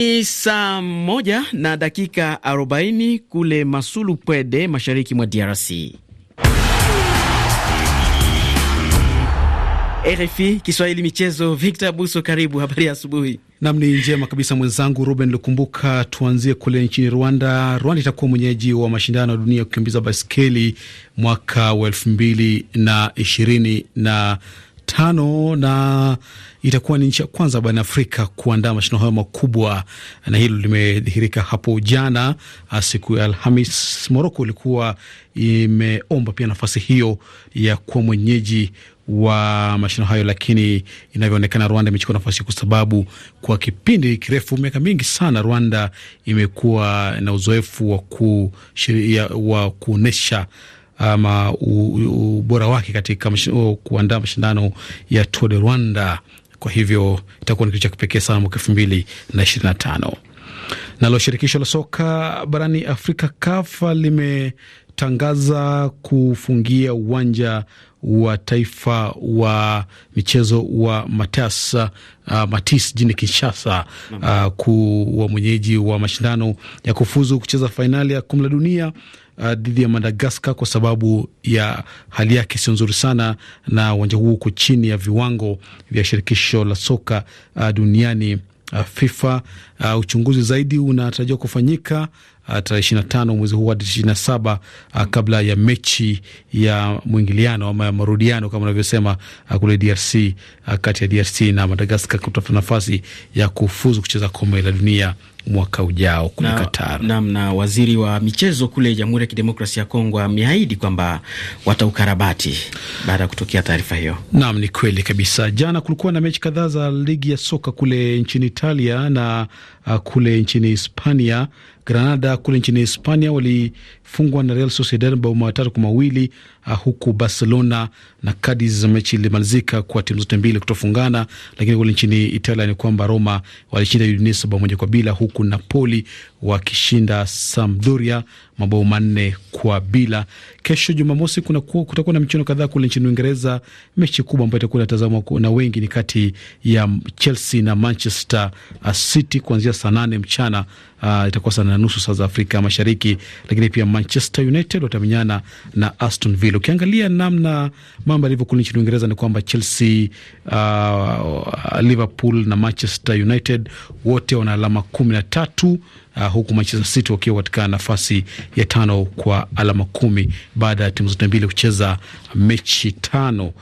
Ni saa moja na dakika 40 kule Masulu Pwede, mashariki mwa DRC. RFI Kiswahili Michezo, Victor Buso, karibu. Habari ya asubuhi. Nam ni njema kabisa mwenzangu Ruben Lukumbuka. Tuanzie kule nchini Rwanda. Rwanda itakuwa mwenyeji wa mashindano ya dunia ya kukimbiza baiskeli mwaka wa elfu mbili na ishirini na tano na itakuwa ni nchi ya kwanza barani Afrika kuandaa mashindano hayo makubwa, na hilo limedhihirika hapo jana ah, siku ya Alhamis. Moroko ilikuwa imeomba pia nafasi hiyo ya kuwa mwenyeji wa mashindano hayo, lakini inavyoonekana Rwanda imechukua nafasi kwa sababu kwa kipindi kirefu, miaka mingi sana, Rwanda imekuwa na uzoefu wa, ku, wa kuonyesha ama ah, ubora wake katika kuandaa mashindano ya Tour de Rwanda kwa hivyo itakuwa ni kitu cha kipekee sana mwaka elfu mbili na ishirini na tano. Nalo shirikisho la soka barani Afrika, KAFA, limetangaza kufungia uwanja wa taifa wa michezo wa Matas, uh, Matis jini Kinshasa uh, kuwa mwenyeji wa mashindano ya kufuzu kucheza fainali ya kombe la dunia uh, dhidi ya Madagaskar kwa sababu ya hali yake sio nzuri sana, na uwanja huu uko chini ya viwango vya shirikisho la soka uh, duniani uh, FIFA. Uh, uchunguzi zaidi unatarajiwa kufanyika uh, tarehe tano mwezi huu hadi saba uh, kabla ya mechi ya mwingiliano ama ya marudiano kama unavyosema uh, kule DRC uh, kati ya DRC na Madagaskar kutafuta nafasi ya kufuzu kucheza kombe la dunia mwaka ujao kule Qatar. Naam, na waziri wa michezo kule Jamhuri ya Kidemokrasia ya Kongo ameahidi kwamba wataukarabati baada ya kutokea taarifa hiyo. Naam, ni kweli kabisa. Jana kulikuwa na mechi kadhaa za ligi ya soka kule nchini Italia na uh, kule nchini Hispania Granada kule nchini Hispania walifungwa na Real Sociedad mabao matatu kwa mawili ah, huku Barcelona na Cadiz mechi ilimalizika kwa timu zote mbili kutofungana. Lakini kule nchini Italia ni kwamba Roma walishinda Udinese bao moja kwa bila, huku Napoli wakishinda Sampdoria mabao manne kwa bila. Kesho Jumamosi kutakuwa na michuano kadhaa kule nchini Uingereza. Mechi kubwa ambayo itakuwa inatazamwa na wengi ni kati ya Chelsea na Manchester City kuanzia saa nane mchana. Uh, itakuwa saa nane na nusu saa za Afrika Mashariki, lakini pia Manchester United watamenyana na Aston Villa. Ukiangalia namna mambo yalivyo kule nchini Uingereza ni kwamba Chelsea, uh, Liverpool na Manchester United wote wana alama kumi na tatu uh, huku Manchester City wakiwa katika nafasi ya tano kwa alama kumi baada ya timu zote mbili kucheza mechi tano.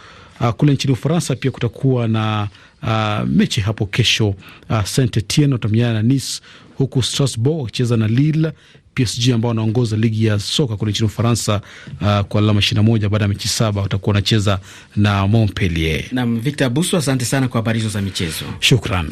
Uh, kule nchini Ufaransa pia kutakuwa na uh, mechi hapo kesho. Uh, Saint Etienne watamenyana na Nice, huku Strasbourg wakicheza na Lille. PSG ambao wanaongoza ligi ya soka kule nchini Ufaransa uh, kwa alama ishirini na moja baada ya mechi saba watakuwa wanacheza na Montpellier. Naam, Victor Busu, asante sana kwa habari hizo za michezo. Shukran.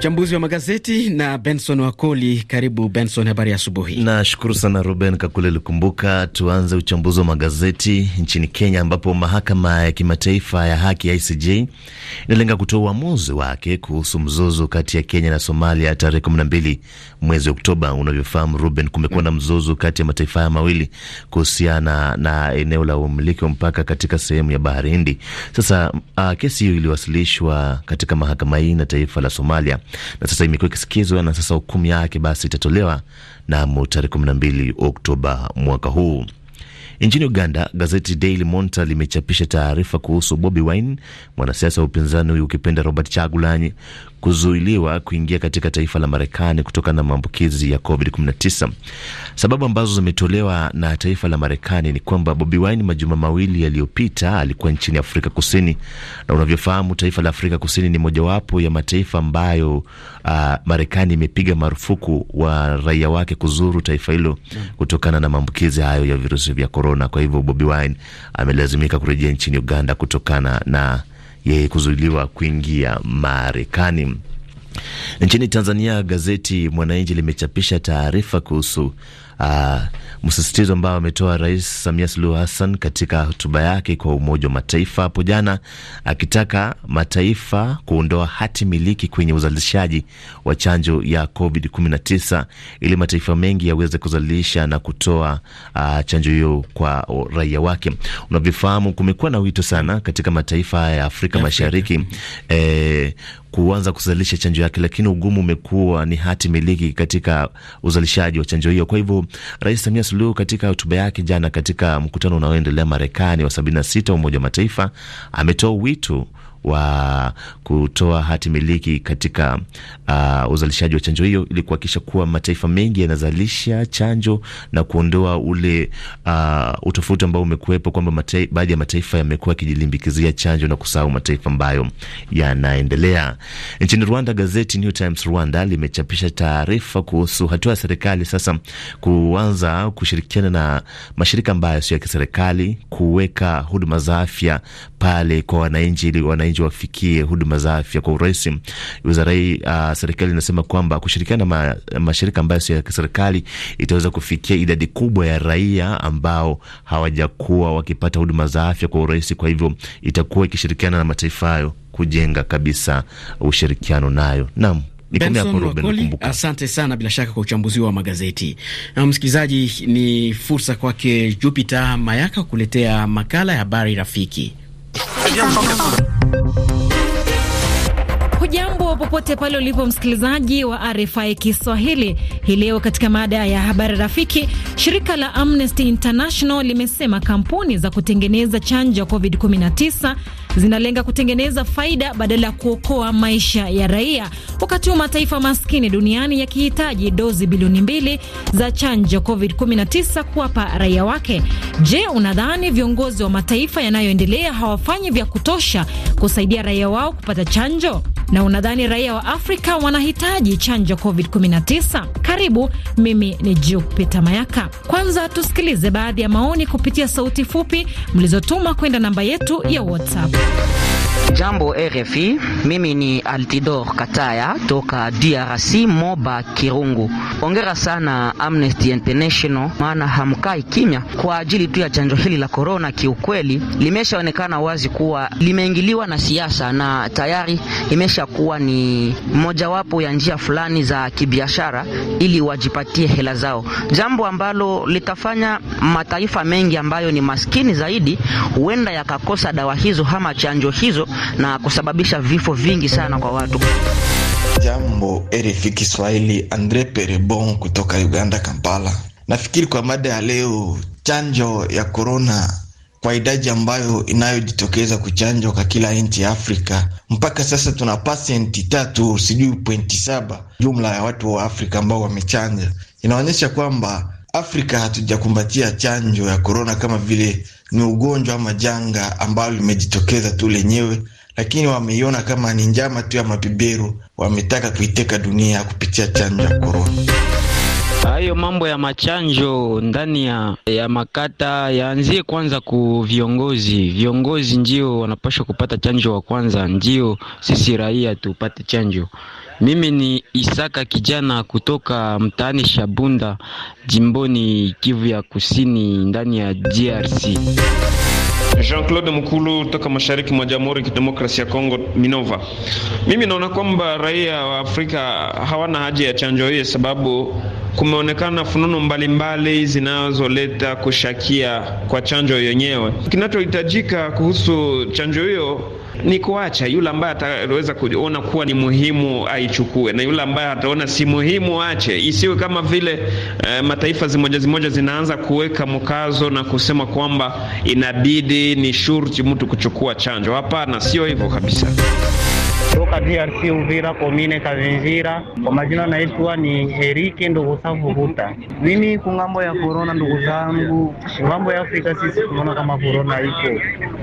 Uchambuzi wa magazeti na Benson Wakoli. Karibu Benson, habari ya asubuhi. Nashukuru sana Ruben Kakule Likumbuka. Tuanze uchambuzi wa magazeti nchini Kenya, ambapo mahakama ya kimataifa ya haki ya ICJ inalenga kutoa uamuzi wake kuhusu mzozo kati ya Kenya na Somalia tarehe 12 mwezi Oktoba. Unavyofahamu Ruben, kumekuwa na mzozo kati ya mataifa haya mawili kuhusiana na eneo la umiliki wa mpaka katika sehemu ya bahari Hindi. Sasa uh, kesi hiyo iliwasilishwa katika mahakama hii na taifa la Somalia na sasa imekuwa ikisikizwa na sasa hukumu yake basi itatolewa namo tarehe 12 Oktoba mwaka huu. Nchini Uganda, gazeti Daily Monitor limechapisha taarifa kuhusu Bobi Wine, mwanasiasa wa upinzani huyu ukipenda Robert Chagulanyi, kuzuiliwa kuingia katika taifa la Marekani kutokana na maambukizi ya COVID-19. Sababu ambazo zimetolewa na taifa la Marekani ni kwamba Bobi Wine majuma mawili yaliyopita alikuwa nchini Afrika Kusini, na unavyofahamu taifa la Afrika Kusini ni mojawapo ya mataifa ambayo uh, Marekani imepiga marufuku wa raia wake kuzuru taifa hilo kutokana na maambukizi hayo ya virusi vya korona. Kwa hivyo Bobi Wine amelazimika kurejea nchini Uganda kutokana na yeye kuzuiliwa kuingia Marekani. Nchini Tanzania, gazeti Mwananchi limechapisha taarifa kuhusu uh, msisitizo ambao ametoa Rais Samia Suluhu Hassan katika hotuba yake kwa Umoja wa Mataifa hapo jana, akitaka mataifa kuondoa hati miliki kwenye uzalishaji wa chanjo ya COVID-19 ili mataifa mengi yaweze kuzalisha na kutoa uh, chanjo hiyo kwa raia wake. Unavyofahamu, kumekuwa na wito sana katika mataifa ya Afrika, Afrika Mashariki eh, kuanza kuzalisha chanjo yake, lakini ugumu umekuwa ni hati miliki katika uzalishaji wa chanjo hiyo. Kwa hivyo Rais Samia Suluhu katika hotuba yake jana katika mkutano unaoendelea Marekani wa 76 Umoja wa Mataifa ametoa wito wa kutoa hati miliki katika uh, uzalishaji wa chanjo hiyo ili kuhakikisha kuwa mataifa mengi yanazalisha chanjo na kuondoa ule uh, utofauti ambao umekuwepo kwamba baadhi ya mataifa yamekuwa yakijilimbikizia chanjo na kusahau mataifa ambayo yanaendelea. Nchini Rwanda, gazeti New Times Rwanda limechapisha taarifa kuhusu hatua ya serikali sasa kuanza kushirikiana na mashirika ambayo sio ya kiserikali kuweka huduma za afya pale kwa wananchi ili wananchi wananchi wafikie huduma za afya kwa urahisi. Wizara hii uh, serikali inasema kwamba kushirikiana na ma, mashirika ambayo sio ya kiserikali itaweza kufikia idadi kubwa ya raia ambao hawajakuwa wakipata huduma za afya kwa urahisi. Kwa hivyo itakuwa ikishirikiana na mataifa hayo kujenga kabisa ushirikiano nayo. Naam. asante sana bila shaka kwa uchambuzi wa magazeti. Na msikilizaji, ni fursa kwake Jupiter Mayaka kuletea makala ya habari rafiki. Hujambo popote pale ulipo msikilizaji wa RFI Kiswahili. Hii leo katika mada ya habari rafiki Shirika la Amnesty International limesema kampuni za kutengeneza chanjo ya COVID-19 zinalenga kutengeneza faida badala ya kuokoa maisha ya raia, wakati huu mataifa maskini duniani yakihitaji dozi bilioni mbili za chanjo ya COVID-19 kuwapa raia wake. Je, unadhani viongozi wa mataifa yanayoendelea hawafanyi vya kutosha kusaidia raia wao kupata chanjo? Na unadhani raia wa Afrika wanahitaji chanjo ya COVID-19? Karibu, mimi ni Jupita Mayaka. Kwanza tusikilize baadhi ya maoni kupitia sauti fupi mlizotuma kwenda namba yetu ya WhatsApp. Jambo RFI, mimi ni Altidor Kataya toka DRC Moba Kirungu. Hongera sana Amnesty International, maana hamkai kimya kwa ajili tu ya chanjo hili la korona. Kiukweli limeshaonekana wazi kuwa limeingiliwa na siasa na tayari imeshakuwa ni mojawapo ya njia fulani za kibiashara ili wajipatie hela zao, jambo ambalo litafanya mataifa mengi ambayo ni maskini zaidi huenda yakakosa dawa hizo ama chanjo hizo na kusababisha vifo vingi sana kwa watu. Jambo RFI Kiswahili, Andre Perebon kutoka Uganda, Kampala. Nafikiri kwa mada ya leo, chanjo ya korona kwa idadi ambayo inayojitokeza kuchanjwa kwa kila nchi ya Afrika mpaka sasa tuna pasenti tatu sijui pointi saba jumla ya watu wa Afrika ambao wamechanja, inaonyesha kwamba Afrika hatujakumbatia chanjo ya korona kama vile ni ugonjwa ama janga ambalo limejitokeza tu lenyewe, lakini wameiona kama ni njama tu ya mabeberu. Wametaka kuiteka dunia kupitia chanjo ya korona. Hayo mambo ya machanjo ndani ya, ya makata yaanzie kwanza ku viongozi. Viongozi ndio wanapaswa kupata chanjo wa kwanza, ndio sisi raia tupate chanjo. Mimi ni Isaka kijana kutoka mtaani Shabunda jimboni Kivu ya Kusini ndani ya DRC. Jean-Claude Mukulu toka mashariki mwa Jamhuri ya Kidemokrasia ya Kongo Minova. Mimi naona kwamba raia wa Afrika hawana haja ya chanjo hii sababu kumeonekana fununu mbalimbali zinazoleta kushakia kwa chanjo yenyewe. Kinachohitajika kuhusu chanjo hiyo ni kuacha. Yule ambaye ataweza kuona kuwa ni muhimu aichukue, na yule ambaye ataona si muhimu ache. Isiwe kama vile eh, mataifa zimoja zimoja zinaanza kuweka mkazo na kusema kwamba inabidi ni shurti mtu kuchukua chanjo. Hapana, sio hivyo kabisa toka DRC Uvira, komine Kavinjira. Kwa majina naitwa ni erike ndugu zangu Huta. Mimi kungambo ya korona, ndugu zangu, kungambo ya Afrika sisi tunaona kama corona iko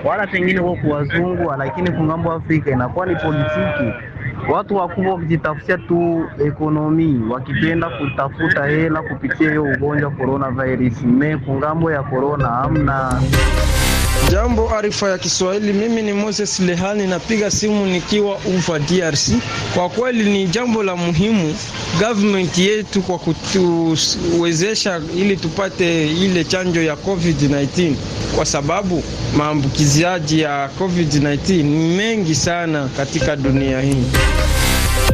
wala pengine kwa kuwazungu, lakini kungambo Afrika inakuwa ni politiki watu wakubwa wakijitafutia tu ekonomi, wakipenda kutafuta hela kupitia hiyo ugonjwa coronavirus. Me kungambo ya korona hamna Jambo arifa ya Kiswahili, mimi ni Moses Lehani, napiga simu nikiwa Uva, DRC. Kwa kweli ni jambo la muhimu government yetu kwa kutuwezesha ili tupate ile chanjo ya COVID-19, kwa sababu maambukiziaji ya COVID-19 ni mengi sana katika dunia hii.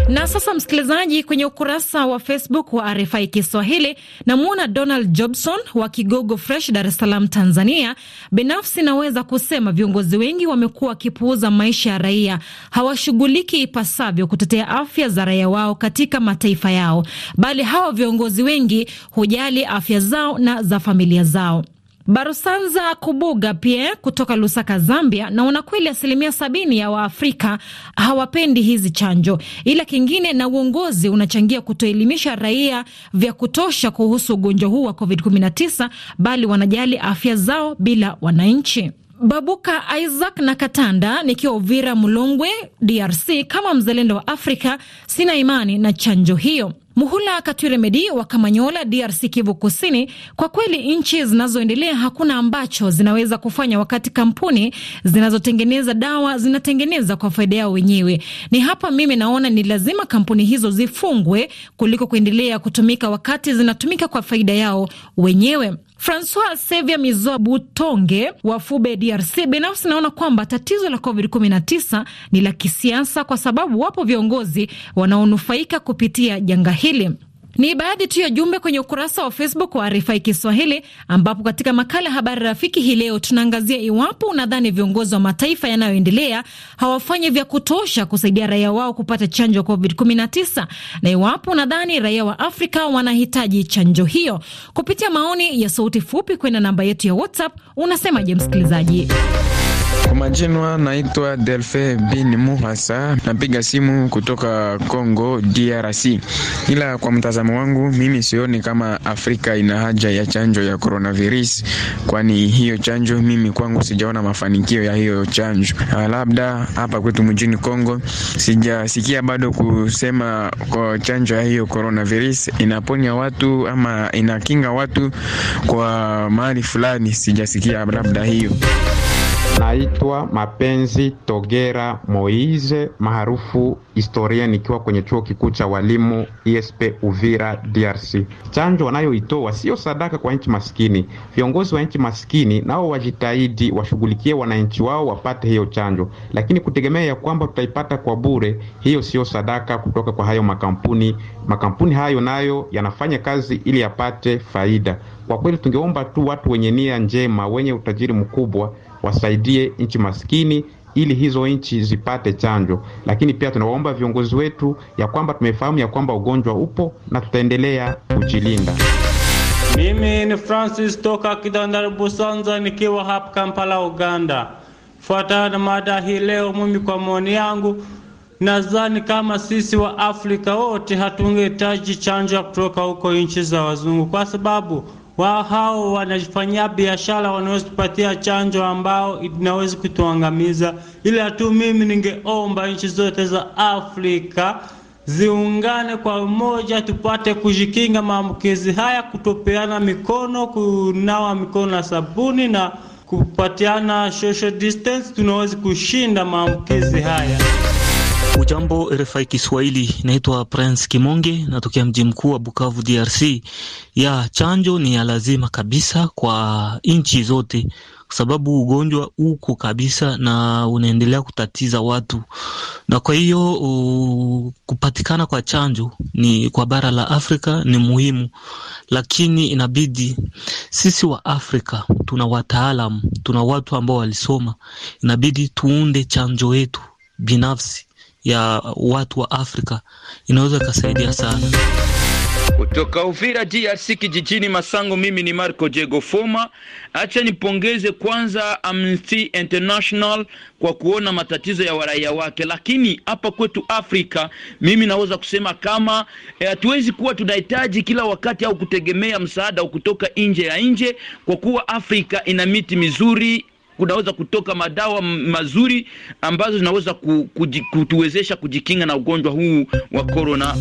Na sasa msikilizaji, kwenye ukurasa wa Facebook wa RFI Kiswahili namwona Donald Jobson wa Kigogo Fresh, Dar es Salaam, Tanzania. Binafsi naweza kusema viongozi wengi wamekuwa wakipuuza maisha ya raia, hawashughuliki ipasavyo kutetea afya za raia wao katika mataifa yao, bali hawa viongozi wengi hujali afya zao na za familia zao. Barusanza Kubuga pia kutoka Lusaka, Zambia, naona kweli asilimia sabini ya Waafrika hawapendi hizi chanjo, ila kingine na uongozi unachangia kutoelimisha raia vya kutosha kuhusu ugonjwa huu wa COVID-19, bali wanajali afya zao bila wananchi. Babuka Isaac na Katanda, nikiwa Uvira Mulongwe, DRC. Kama mzalendo wa Afrika, sina imani na chanjo hiyo. Muhula Medi wa Kamanyola, DRC, Kivu Kusini. Kwa kweli nchi zinazoendelea hakuna ambacho zinaweza kufanya, wakati kampuni zinazotengeneza dawa zinatengeneza kwa faida yao wenyewe. Ni hapa mimi naona ni lazima kampuni hizo zifungwe kuliko kuendelea kutumika wakati zinatumika kwa faida yao wenyewe. Francois Sevia Mizoa Butonge wa Fube, DRC: binafsi naona kwamba tatizo la COVID-19 ni la kisiasa, kwa sababu wapo viongozi wanaonufaika kupitia janga hili. Ni baadhi tu ya jumbe kwenye ukurasa wa Facebook wa RFI Kiswahili, ambapo katika makala ya habari rafiki hii leo tunaangazia iwapo unadhani viongozi wa mataifa yanayoendelea hawafanyi vya kutosha kusaidia raia wao kupata chanjo ya COVID-19 na iwapo unadhani raia wa Afrika wanahitaji chanjo hiyo. Kupitia maoni ya sauti fupi kwenda namba yetu ya WhatsApp, unasemaje msikilizaji? Kwa majina naitwa Delfe bin Muhasa, napiga simu kutoka Congo DRC, ila kwa mtazamo wangu mimi sioni kama Afrika ina haja ya chanjo ya coronavirus, kwani hiyo chanjo mimi kwangu sijaona mafanikio ya hiyo chanjo. Ah, labda hapa kwetu mjini Congo sijasikia bado kusema kwa chanjo ya hiyo coronavirus inaponya watu ama inakinga watu kwa mahali fulani, sijasikia labda hiyo Naitwa Mapenzi Togera moise maarufu historia, nikiwa kwenye chuo kikuu cha walimu ESP Uvira, DRC. Chanjo wanayoitoa sio sadaka kwa nchi maskini. Viongozi wa nchi maskini nao wajitahidi, washughulikie wananchi wao wapate hiyo chanjo, lakini kutegemea ya kwamba tutaipata kwa bure, hiyo sio sadaka kutoka kwa hayo makampuni. Makampuni hayo nayo yanafanya kazi ili yapate faida. Kwa kweli, tungeomba tu watu wenye nia njema, wenye utajiri mkubwa wasaidie nchi maskini ili hizo nchi zipate chanjo. Lakini pia tunawaomba viongozi wetu ya kwamba tumefahamu ya kwamba ugonjwa upo na tutaendelea kujilinda. Mimi ni Francis toka Kidandari Busanza, nikiwa hapa Kampala, Uganda. Fuatana na mada hii leo, mimi kwa maoni yangu nadhani kama sisi wa Afrika wote hatungehitaji chanjo ya kutoka huko nchi za wazungu, kwa sababu wao hao wanafanyia biashara kupatia chanjo ambao inaweza kutuangamiza, ila tu mimi ningeomba nchi zote za Afrika ziungane kwa umoja, tupate kujikinga maambukizi haya, kutopeana mikono, kunawa mikono na sabuni na kupatiana social distance, tunaweza kushinda maambukizi haya. Ujambo RFI Kiswahili, inaitwa Prince Kimonge, natokea mji mkuu wa Bukavu, DRC. Ya chanjo ni ya lazima kabisa kwa nchi zote, kwa sababu ugonjwa uko kabisa na unaendelea kutatiza watu, na kwa hiyo uh, kupatikana kwa chanjo ni kwa bara la Afrika ni muhimu, lakini inabidi sisi wa Afrika tuna wataalam tuna watu ambao walisoma, inabidi tuunde chanjo yetu binafsi ya watu wa Afrika inaweza ikasaidia sana. Kutoka Uvira DRC kijijini Masango, mimi ni Marco Diego Foma. Acha nipongeze kwanza Amnesty International kwa kuona matatizo ya waraia wake, lakini hapa kwetu Afrika mimi naweza kusema kama eh, hatuwezi eh, kuwa tunahitaji kila wakati au kutegemea msaada kutoka nje ya nje, kwa kuwa Afrika ina miti mizuri kunaweza kutoka madawa mazuri ambazo zinaweza kutuwezesha kujikinga na ugonjwa huu wa korona.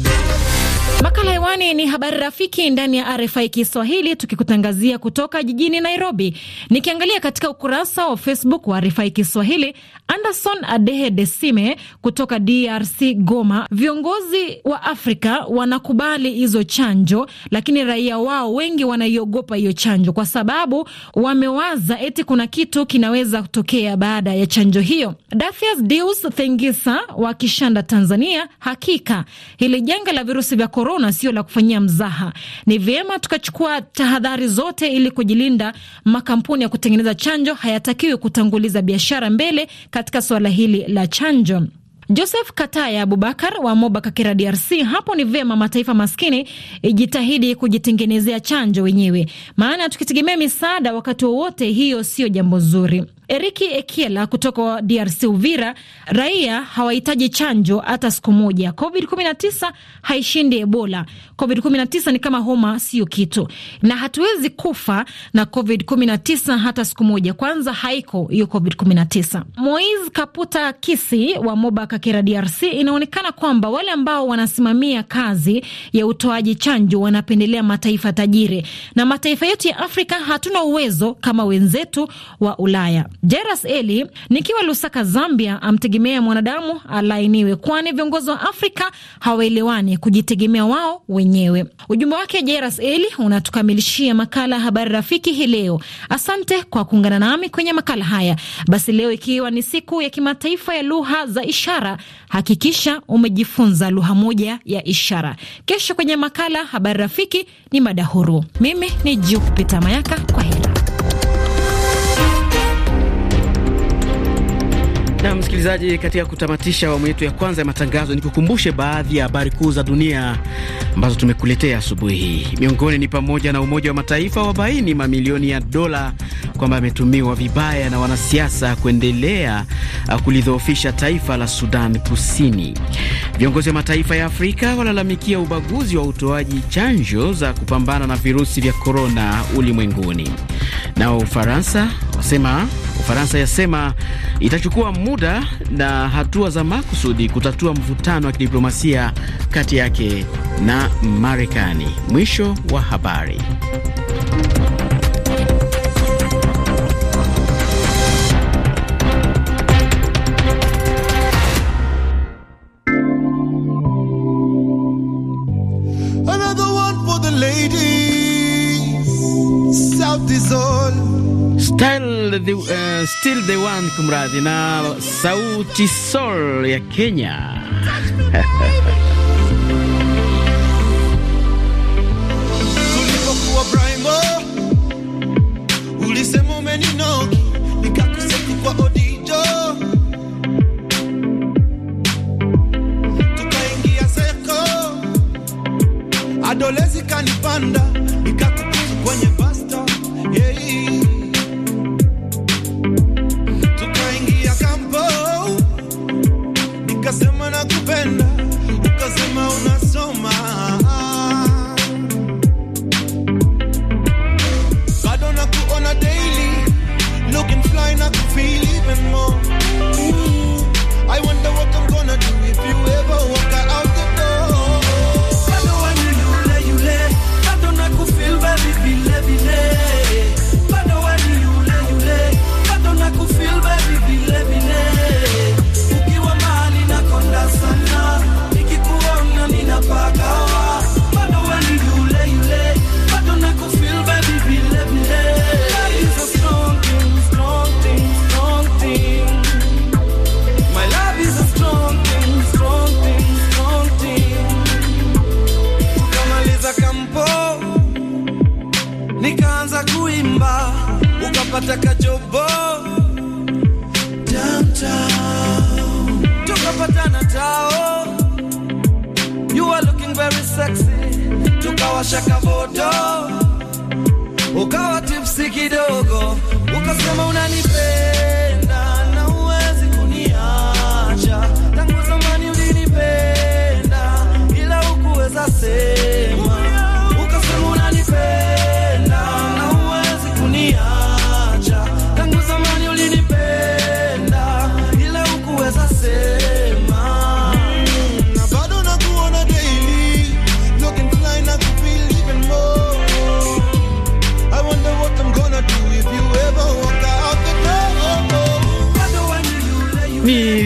Makala hewani ni habari rafiki ndani ya RFI Kiswahili, tukikutangazia kutoka jijini Nairobi. Nikiangalia katika ukurasa wa Facebook wa RFI Kiswahili, Anderson Adehe Desime kutoka DRC Goma, viongozi wa Afrika wanakubali hizo chanjo, lakini raia wao wengi wanaiogopa hiyo chanjo kwa sababu wamewaza eti kuna kitu kinaweza kutokea baada ya chanjo hiyo. Dathias Deus Thengisa wa Kishanda, Tanzania, hakika hili janga la virusi vya korona korona sio la kufanyia mzaha. Ni vyema tukachukua tahadhari zote ili kujilinda. Makampuni ya kutengeneza chanjo hayatakiwi kutanguliza biashara mbele katika suala hili la chanjo. Joseph Kataya Abubakar wa Moba Kakera, DRC. Hapo ni vyema mataifa maskini ijitahidi kujitengenezea chanjo wenyewe, maana tukitegemea misaada wakati wowote, hiyo sio jambo zuri. Eriki Ekiela kutoka DRC Uvira, raia hawahitaji chanjo hata siku moja. Covid 19 haishindi Ebola. Covid 19 ni kama homa, sio kitu, na hatuwezi kufa na Covid 19 hata siku moja. Kwanza haiko hiyo Covid 19. Moise Kaputa Kisi wa Moba Kakera, DRC, inaonekana kwamba wale ambao wanasimamia kazi ya utoaji chanjo wanapendelea mataifa tajiri, na mataifa yetu ya Afrika hatuna uwezo kama wenzetu wa Ulaya. Jairus Eli nikiwa Lusaka, Zambia, amtegemea mwanadamu alainiwe, kwani viongozi wa Afrika hawaelewani kujitegemea wao wenyewe. Ujumbe wake Jairus Eli unatukamilishia makala ya habari rafiki hii leo. Asante kwa kuungana nami kwenye makala haya. Basi leo ikiwa ni siku ya kimataifa ya lugha za ishara, hakikisha umejifunza lugha moja ya ishara. Kesho kwenye makala habari rafiki ni mada huru. Mimi ni Jupita Mayaka, kwa heri. Na msikilizaji, katika kutamatisha awamu yetu ya kwanza ya matangazo, nikukumbushe baadhi ya habari kuu za dunia ambazo tumekuletea asubuhi. Miongoni ni pamoja na Umoja wa Mataifa wabaini mamilioni ya dola kwamba ametumiwa vibaya na wanasiasa kuendelea uh, kulidhoofisha taifa la Sudan Kusini. Viongozi wa mataifa ya Afrika walalamikia ubaguzi wa utoaji chanjo za kupambana na virusi vya korona ulimwenguni. Nao Ufaransa wasema Ufaransa yasema itachukua muda na hatua za makusudi kutatua mvutano wa kidiplomasia kati yake na Marekani. Mwisho wa habari. the, uh, still the one kumradi na sauti sol ya Kenya tulipokuwa seko adolezi kanipanda nikakukuzu kwenye basta yeah. sexy, tukawasha kavoto, ukawa tipsi kidogo, ukasema unanipenda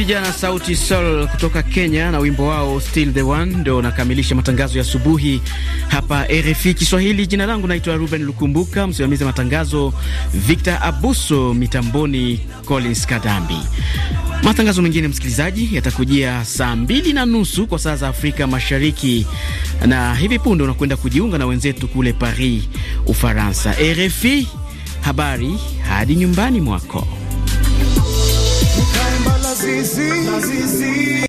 vijana Sauti Sol kutoka Kenya na wimbo wao Still the One ndio unakamilisha matangazo ya asubuhi hapa RFI Kiswahili. Jina langu naitwa Ruben Lukumbuka, msimamizi wa matangazo Victor Abuso, mitamboni Collins Kadambi. Matangazo mengine, msikilizaji, yatakujia saa mbili na nusu kwa saa za Afrika Mashariki, na hivi punde unakwenda kujiunga na wenzetu kule Paris, Ufaransa. RFI, habari hadi nyumbani mwako. Zizi. La easy.